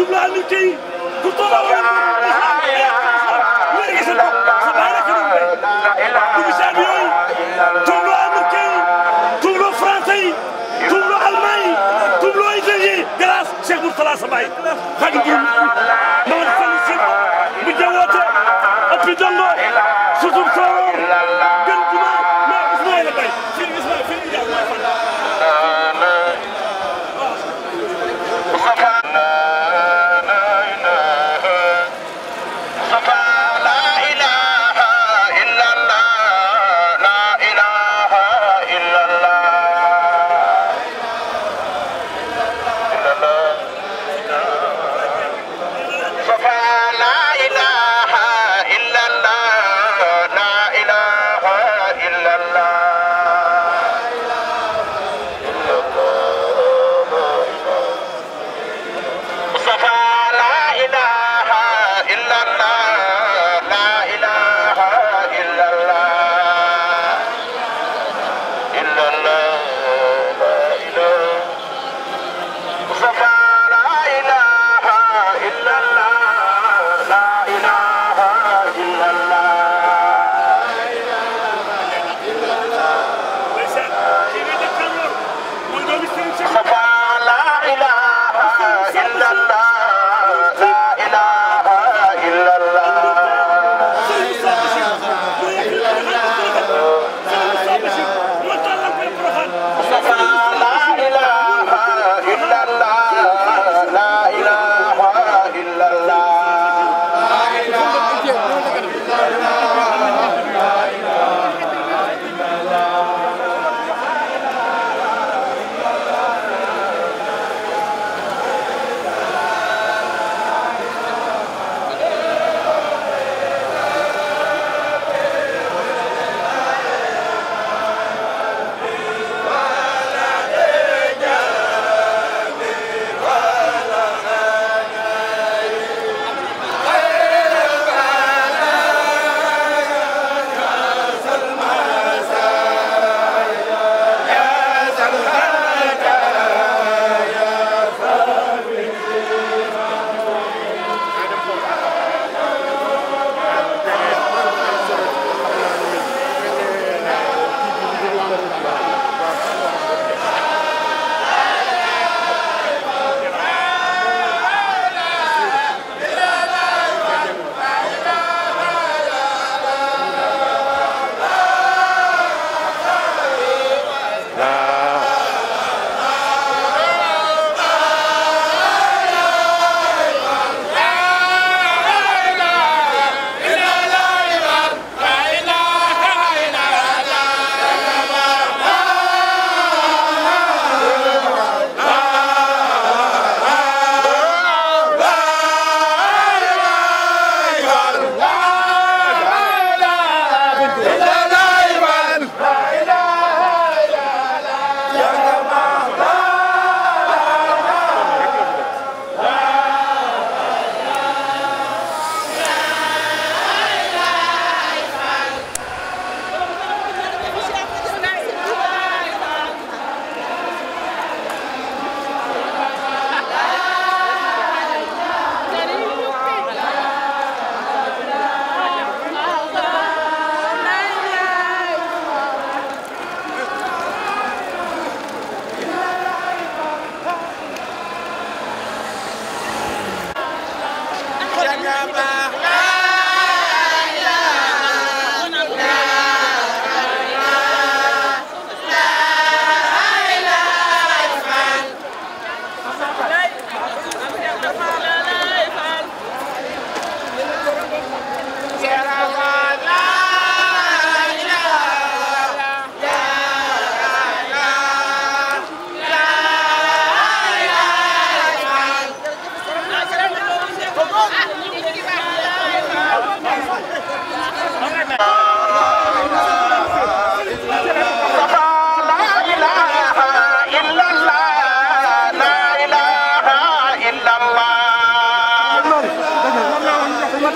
jubluwaanuti ku toogoon wér gi sa bopp sa baay rek ñu béy bu misaal yooyu jublu Amérique yi jublu français yi jublu allemand yi jublu italien yi grâce Cheikh Mourtala sa baay xaj bu Mamadou Sall si bu jawwoote ëppi dongo sutum soroor لله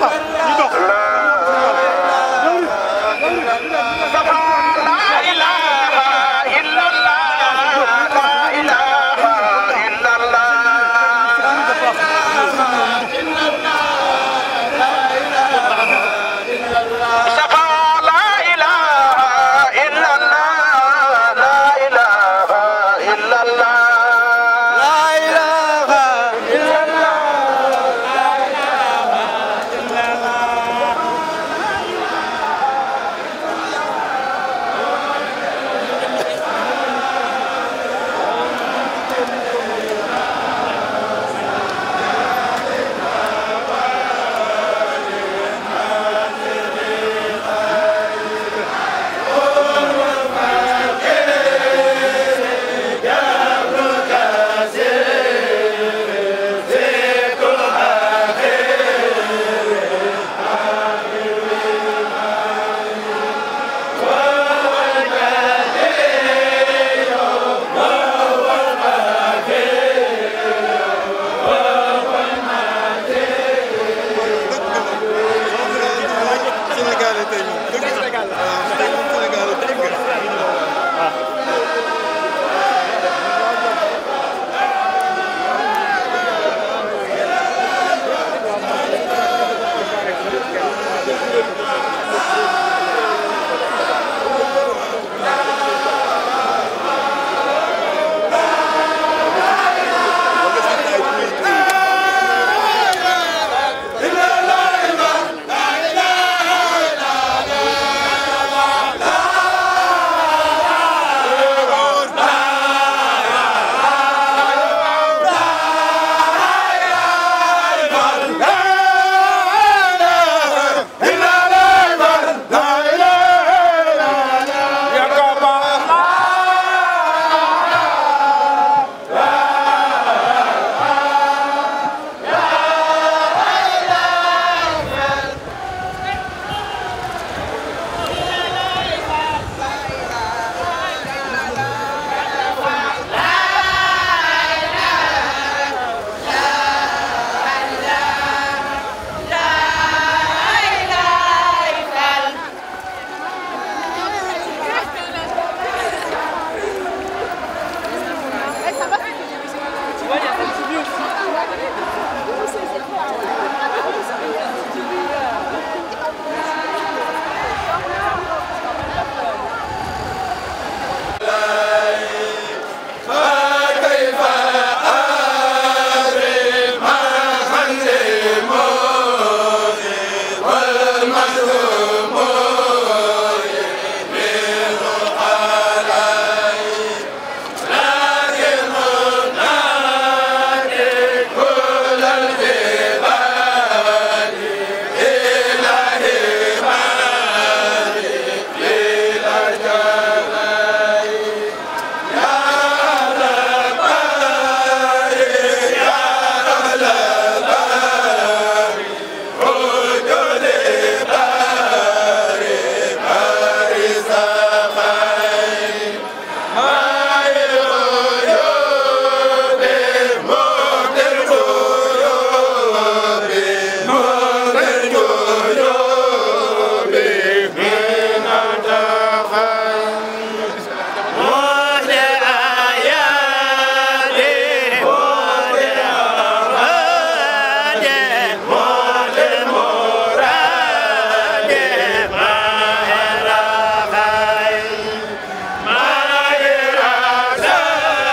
Mustafa